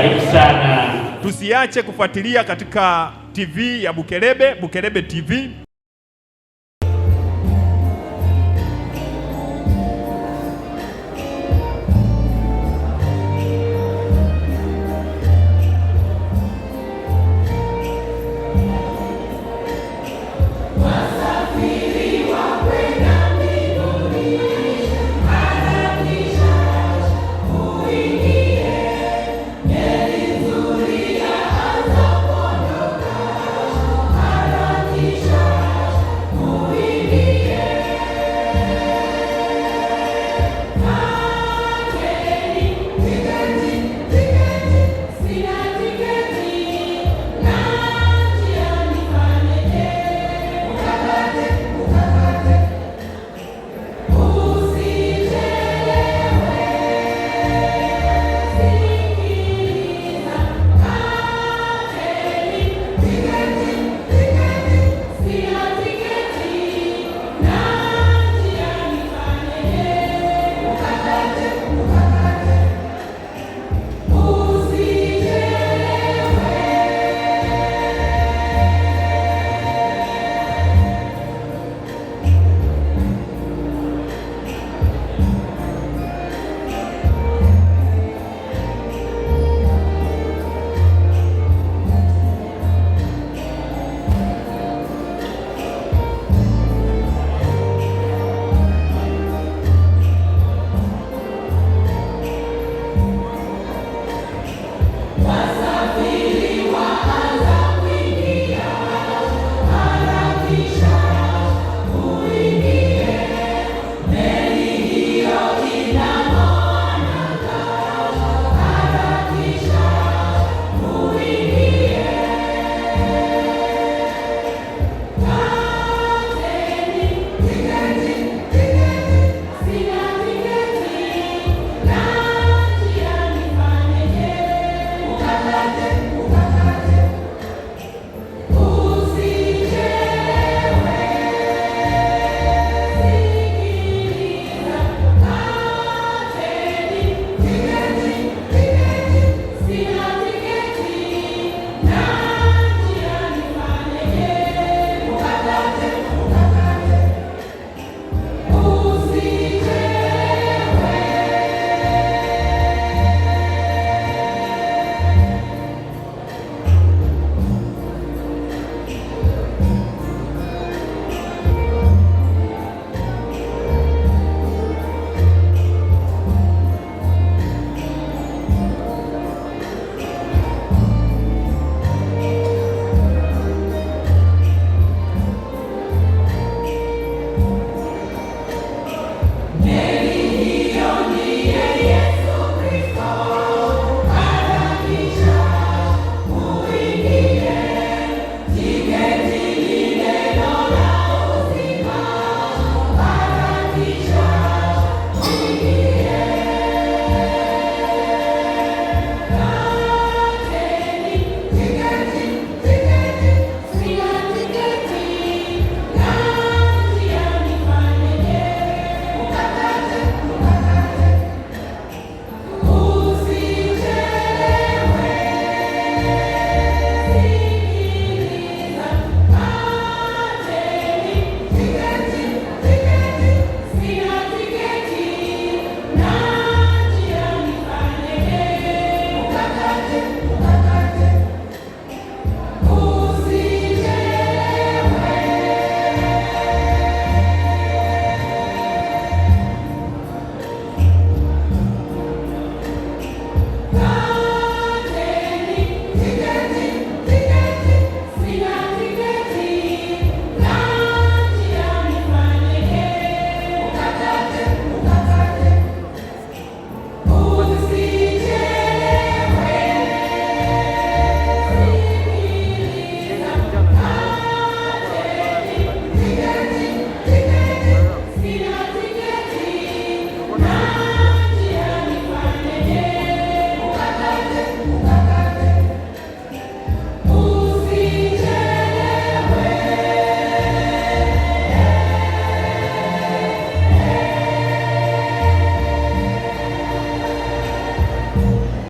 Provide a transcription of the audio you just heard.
Karibu sana. Tusiache kufuatilia katika TV ya Bukelebe, Bukelebe TV.